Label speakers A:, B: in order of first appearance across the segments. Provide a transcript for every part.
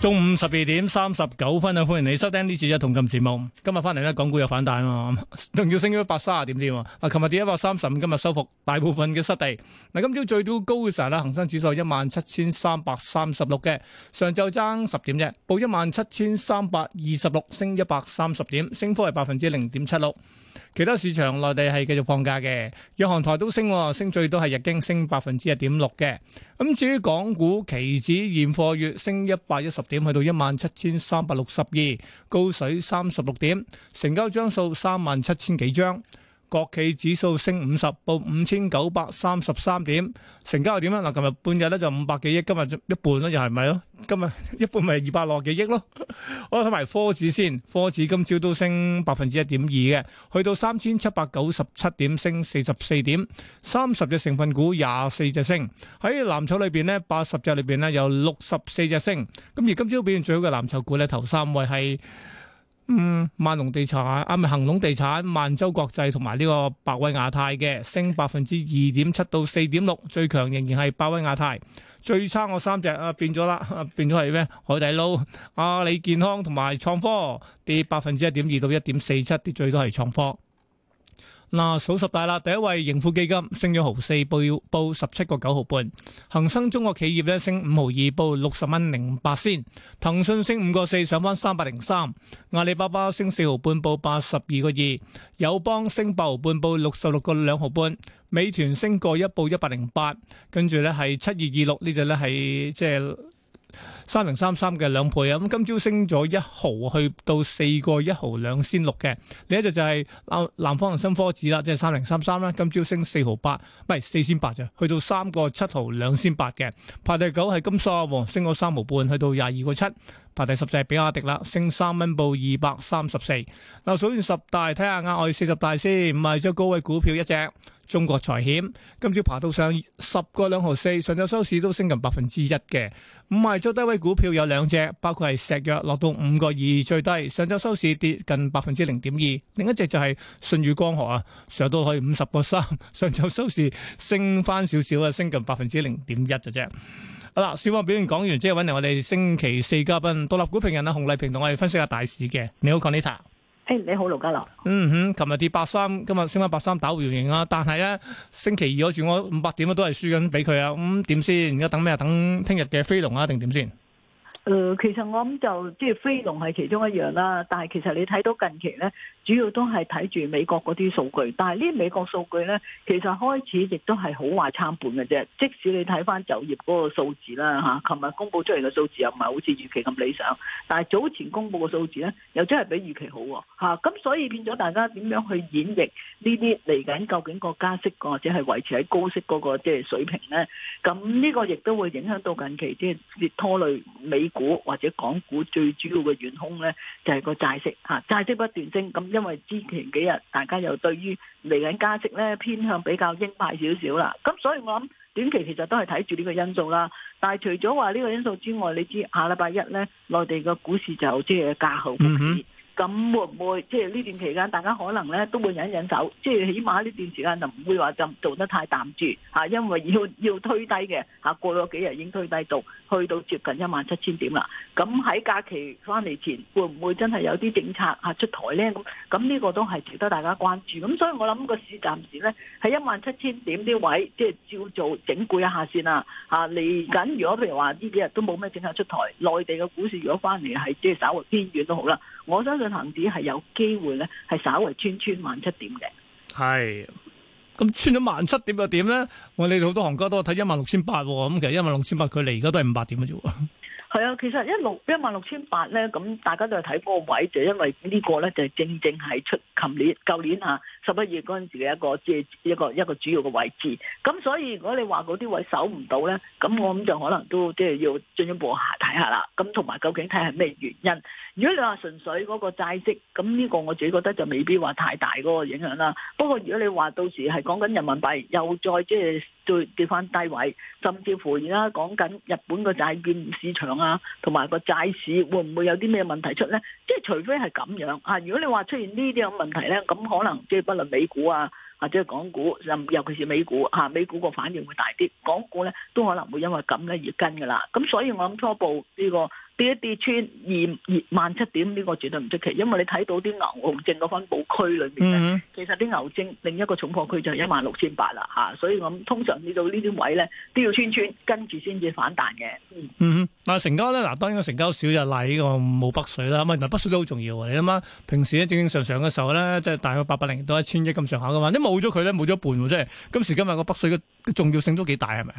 A: 中午十二點三十九分啊！歡迎你收聽呢次一同金節目。今日翻嚟咧，港股又反彈啊，仲要升咗一百三十點添啊！琴日跌一百三十五，今日收復大部分嘅失地。嗱，今朝最高嘅時候咧，恒生指數一萬七千三百三十六嘅，上晝爭十點啫，報一萬七千三百二十六，升一百三十點，升幅係百分之零點七六。其他市場內地係繼續放假嘅，日韓台都升，升最多係日經升百分之一點六嘅。咁至於港股期指現貨月升一百一十。點去到一萬七千三百六十二，高水三十六點，成交張數三萬七千幾張。國企指數升五十，報五千九百三十三點，成交又點啊？嗱，琴日半日咧就五百幾億，今日一半咧又係咪咯？今日一半咪二百六十幾億咯？ 我睇埋科指先，科指今朝都升百分之一點二嘅，去到三千七百九十七點，升四十四點，三十隻成分股廿四隻升，喺藍籌裏邊呢，八十隻裏邊呢有六十四隻升，咁而今朝表現最好嘅藍籌股呢，頭三位係。嗯，萬隆地產啊，咪恒隆地產、萬洲國際同埋呢個百威亞太嘅升百分之二點七到四點六，最強仍然係百威亞太。最差我三隻啊變咗啦，變咗係咩海底撈、阿、啊、里健康同埋創科跌百分之一點二到一點四七，跌最多係創科。嗱，數十大啦，第一位盈富基金升咗毫四，報報十七個九毫半；恒生中國企業咧升五毫二，報六十蚊零八仙；騰訊升五個四，上翻三百零三；阿里巴巴升四毫半，報八十二個二；友邦升八毫半，報六十六個兩毫半；美團升過一，報一百零八；跟住咧係七二二六呢隻咧係即係。三零三三嘅兩倍啊，咁今朝升咗一毫，去到四個一毫兩千六嘅。另一隻就係南南方恒生科指啦，即係三零三三啦，今朝升四毫八，唔係四千八咋，去到三個七毫兩千八嘅。排第九係金沙，升咗三毫半，去到廿二個七。排第十隻比亞迪啦，升三蚊報二百三十四。嗱、啊，數完十大，睇下額外四十大先。唔係做高位股票一隻中國財險，今朝爬到上十個兩毫四，上晝收市都升近百分之一嘅。唔係咗低位股票有兩隻，包括係石藥落到五個二最低，上晝收市跌近百分之零點二。另一隻就係信宇光學啊，上到去五十個三，上晝收市升翻少少啊，升近百分之零點一嘅啫。好啦，小方表演講完，即係揾嚟我哋星期四嘉賓獨立股評人啊，熊麗萍同我哋分析下大市嘅。你好，Conita。誒，你
B: 好，盧家
A: 樂。Hey, 嗯哼，琴日跌八三，今日升翻八三打回原形啊！但係咧，星期二我住我五百點輸、嗯、啊，都係輸緊俾佢啊！咁點先？而家等咩啊？等聽日嘅飛龍啊，定點先？
B: 誒、呃，其實我諗就即係、就是、飛龍係其中一樣啦。但係其實你睇到近期咧，主要都係睇住美國嗰啲數據。但係呢美國數據咧，其實開始亦都係好壞參半嘅啫。即使你睇翻就業嗰個數字啦，嚇、啊，琴日公布出嚟嘅數字又唔係好似預期咁理想。但係早前公布嘅數字咧，又真係比預期好喎、啊。咁、啊、所以變咗大家點樣去演繹呢啲嚟緊究竟個加息，或者係維持喺高息嗰個即係水平咧？咁呢個亦都會影響到近期即係、就是、拖累美股或者港股最主要嘅元凶呢，就係、是、個債息吓，債、啊、息不斷升，咁因為之前幾日大家又對於嚟緊加息呢，偏向比較鷹派少少啦，咁所以我諗短期其實都係睇住呢個因素啦，但係除咗話呢個因素之外，你知下禮拜一呢內地嘅股市就即係、就是、加好。嗯咁會唔會即係呢段期間，大家可能咧都會忍一忍手，即係起碼呢段時間就唔會話就做得太淡住嚇，因為要要推低嘅嚇，過咗幾日已經推低到去到接近一萬七千點啦。咁喺假期翻嚟前，會唔會真係有啲政策嚇出台咧？咁咁呢個都係值得大家關注。咁所以我諗個市暫時咧喺一萬七千點呢位，即係照做整固一下先啦。嚇，嚟緊如果譬如話呢幾日都冇咩政策出台，內地嘅股市如果翻嚟係稍為偏遠都好啦。我相信恒指係有機會咧，係稍為穿穿萬七點
A: 嘅。係，咁、嗯、穿咗萬七點又點咧？我哋好多行家都睇一萬六千八喎，咁、嗯、其實一萬六千八佢離而家都係五百點嘅啫。
B: 係啊，其實一六一萬六千八咧，咁大家都係睇嗰個位，就因為呢個咧就係正正係出去年、舊年吓十一月嗰陣時嘅一個即係一個一個主要嘅位置。咁所以如果你話嗰啲位守唔到咧，咁我諗就可能都即係要進一步下睇下啦。咁同埋究竟睇係咩原因？如果你話純粹嗰個債息，咁呢個我自己覺得就未必話太大嗰個影響啦。不過如果你話到時係講緊人民幣又再即係。對，跌翻低位，甚至乎而家講緊日本個債券市場啊，同埋個債市會唔會有啲咩問題出呢？即係除非係咁樣啊。如果你話出現呢啲咁問題呢，咁可能即係不論美股啊。 或者係港股，尤其是美股嚇，美股個反應會大啲，港股咧都可能會因為咁嘅而跟㗎啦。咁所以我諗初步呢、這個跌一跌穿二二萬七點，呢個絕對唔出奇，因為你睇到啲牛熊證個分佈區裏面咧，嗯、哼其實啲牛證另一個重貨區就係一萬六千八啦嚇。所以我通常去到呢啲位咧，都要穿穿跟住先至反彈嘅。嗯
A: 哼，嗱成交咧，嗱當然成交少就賴呢個冇北水啦。咁係，原來北水都好重要啊。你諗下，平時咧正，正正常常嘅時候咧，即係大概八百零到一千億咁上下嘅嘛。冇咗佢咧，冇咗一半，即係今時今日個北水嘅重要性都幾大係咪？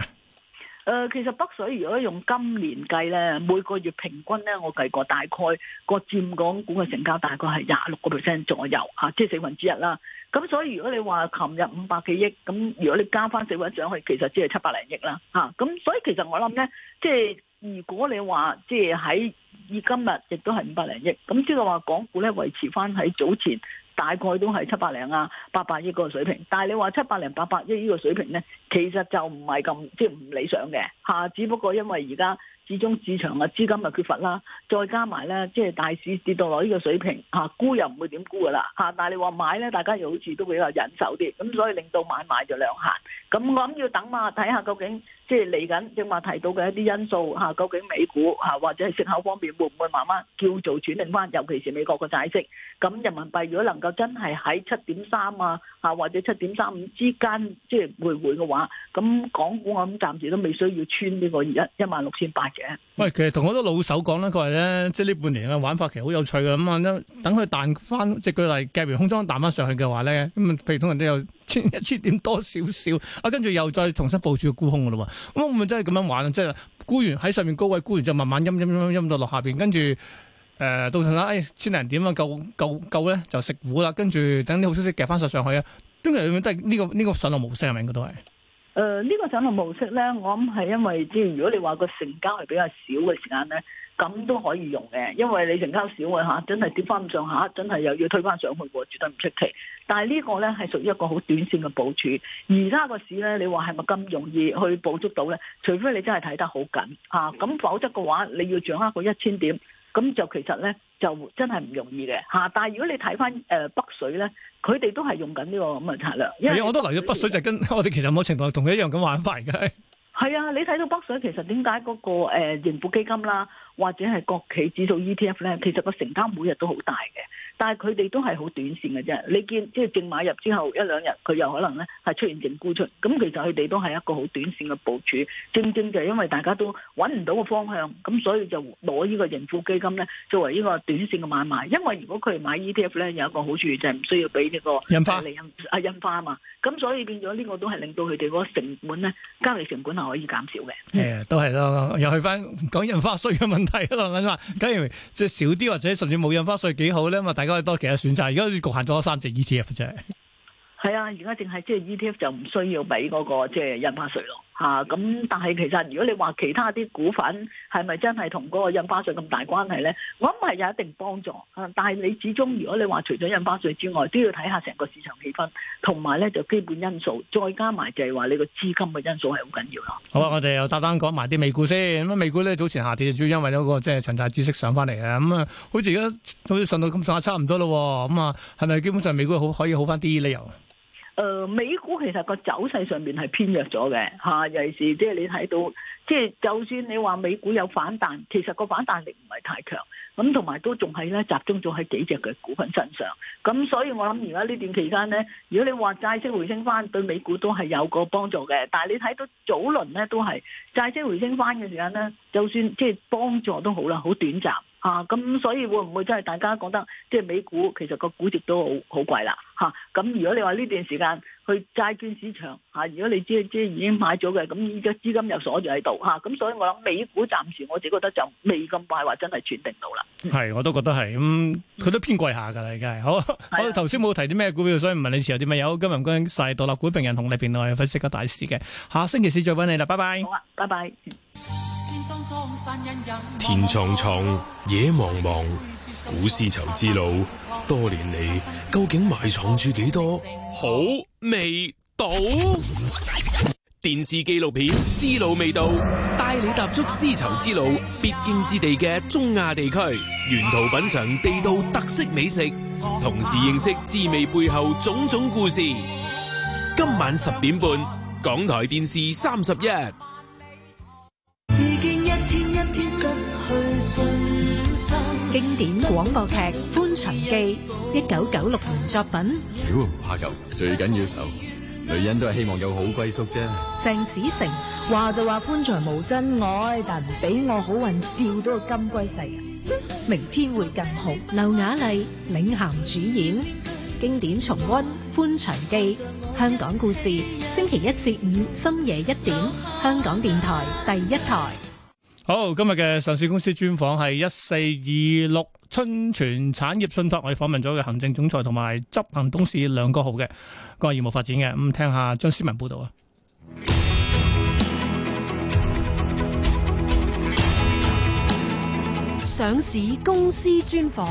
B: 誒、呃，其實北水如果用今年計咧，每個月平均咧，我計過大概個佔港股嘅成交大概係廿六個 percent 左右吓、啊，即係四分之一啦。咁所以如果你話琴日五百幾億，咁如果你加翻四位上去，其實只係七百零億啦。吓、啊，咁所以其實我諗咧，即係如果你話即係喺以今日亦都係五百零億，咁即係話港股咧維持翻喺早前。大概都係七百零啊，八百億個水平，但係你話七百零八百億呢個水平咧，其實就唔係咁，即係唔理想嘅吓。只不過因為而家。始終市場啊資金嘅缺乏啦，再加埋咧，即係大市跌到落呢個水平嚇沽又唔會點沽噶啦嚇，但係你話買咧，大家又好似都比較忍受啲，咁所以令到買賣就兩難。咁我諗要等嘛，睇下究竟即係嚟緊正話提到嘅一啲因素嚇，究竟美股嚇，或者係息口方面會唔會慢慢叫做轉定翻，尤其是美國嘅債息。咁人民幣如果能夠真係喺七點三啊嚇或者七點三五之間即係徘徊嘅話，咁港股我諗暫時都未需要穿呢個一一萬六千八。
A: 喂，其實同好多老手講啦，佢話咧，即係呢半年嘅玩法其實好有趣嘅，咁、嗯、啊等佢彈翻，即係舉例夾完空倉彈翻上去嘅話咧，咁啊，譬如通常都有千一千點多少少，啊，跟住又再重新部署沽空嘅咯喎，咁、嗯、啊，會唔會真係咁樣玩啊？即係沽完喺上面高位沽完就慢慢陰陰陰陰到落下邊，跟住誒、呃、到陣啦，誒、哎、千零點啊，夠夠夠咧就食糊啦，跟住等啲好消息夾翻上上去啊，通常都係呢、這個呢、這個上落模式係咪？應該都係。
B: 誒，呢、呃，這個上落模式呢，我諗係因為之前如果你話個成交係比較少嘅時間呢，咁都可以用嘅，因為你成交少嘅吓，真係跌翻唔上吓，真係又要推翻上去喎，絕對唔出奇。但係呢個呢，係屬於一個好短線嘅部署。而家個市呢，你話係咪咁容易去捕捉到呢？除非你真係睇得好緊吓，咁、啊、否則嘅話，你要掌握個一千點。咁就其實咧，就真係唔容易嘅吓。但係如果你睇返誒北水咧，佢哋都係用緊呢個咁嘅策略。係啊，我都留
A: 咗北水就係跟我哋其實某程度同佢一樣咁玩法嚟嘅。
B: 係啊，你睇到北水其實點解嗰個誒盈富基金啦？或者係國企指數 ETF 咧，其實個成交每日都好大嘅，但係佢哋都係好短線嘅啫。你見即係淨買入之後一兩日，佢又可能咧係出現淨沽出，咁其實佢哋都係一個好短線嘅部署，正正就係因為大家都揾唔到個方向，咁所以就攞呢個盈富基金咧作為呢個短線嘅買賣。因為如果佢哋買 ETF 咧有一個好處就係唔需要俾呢、這個印花，阿、啊印，啊、印花啊嘛，咁所以變咗呢個都係令到佢哋個成本咧交易成本係可以減少嘅。誒、 嗯，
A: 都係咯、啊，又去翻講印花稅嘅問係，我諗話梗係即係少啲，或者甚至冇印花稅幾好咧，咁啊大家可以多其他選擇。而家好似局限咗三隻 ETF 啫。
B: 係啊，而家淨係即係 ETF 就唔需要俾嗰個即係印花稅咯嚇。咁但係其實如果你話其他啲股份係咪真係同嗰個印花稅咁大關係咧？我諗係有一定幫助，啊、但係你始終如果你話除咗印花稅之外，都要睇下成個市場氣氛，同埋咧就基本因素，再加埋就係話你個資金嘅因素係好緊要
A: 啦。好啊，我哋又搭單講埋啲美股先。咁啊，美股咧早前下跌主要因為嗰個即係長債知識上翻嚟啊。咁、嗯、啊，好似而家好似上到咁上下差唔多咯。咁、嗯、啊，係咪基本上美股好可以好翻啲理由？
B: 誒、呃，美股其實個走勢上面係偏弱咗嘅嚇，尤其是即係你睇到，即係就算你話美股有反彈，其實個反彈力唔係太強，咁同埋都仲係咧集中咗喺幾隻嘅股份身上，咁所以我諗而家呢段期間咧，如果你話債息回升翻，對美股都係有個幫助嘅，但係你睇到早輪咧都係債息回升翻嘅時間咧，就算即係幫助都好啦，好短暫。啊，咁所以會唔會真係大家覺得即係美股其實個估值都好好貴啦吓？咁如果你話呢段時間去債券市場吓，如果你即係即係已經買咗嘅，咁依家資金又鎖住喺度吓，咁所以我諗美股暫時我自己覺得就未咁快，話真係斷定到啦。
A: 係，我都覺得係咁，佢都偏貴下噶啦，而家係。好，我頭先冇提啲咩股票，所以唔問你持有啲乜嘢。今日唔該晒，獨立股評人熊麗萍同你分析個大市嘅。下星期四再揾你啦，拜拜。好啊，拜拜。天蒼蒼，野茫茫，古絲綢之路多年嚟究竟埋藏住幾多好味道？電視紀錄片《絲路味道》帶你踏足絲綢之路必經之地嘅中亞地區，沿途品嘗地道特色美食，同時認識滋味背後種種故事。今晚十點半，港台電視三十一。
B: 經典廣播劇《歡場記》，一九九六年作品。
A: 屌唔怕舊，最緊要受。女人都係希望有好歸宿啫。
B: 鄭子誠話就話：歡場無真愛，但唔俾我好運釣到個金龜婿。明天會更好。劉雅麗領銜主演，經典重溫《歡場記》。香港故事，星期一至五深夜一點，香港電台第一台。
A: 好，今日嘅上市公司專訪係一四二六春泉產業信託，我哋訪問咗嘅行政總裁同埋執行董事梁國豪嘅個業務發展嘅，咁、嗯、聽下張思文報道啊。
B: 上市公司專訪。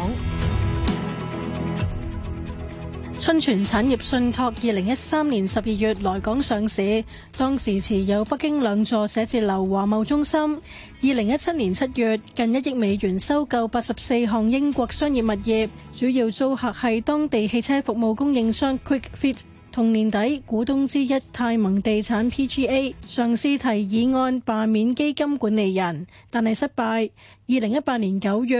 B: 春泉產業信託2013年12月來港上市,當時持有北京兩座寫字樓華貿中心。2017年7月,近一億美元收購84項英國商業物業,主要租客係當地汽車服務供應商 QuickFit。同年底,股東之一泰盟地產 PGA, 上司提
A: 議案罷免基金管理人,但係失敗。2018年9月,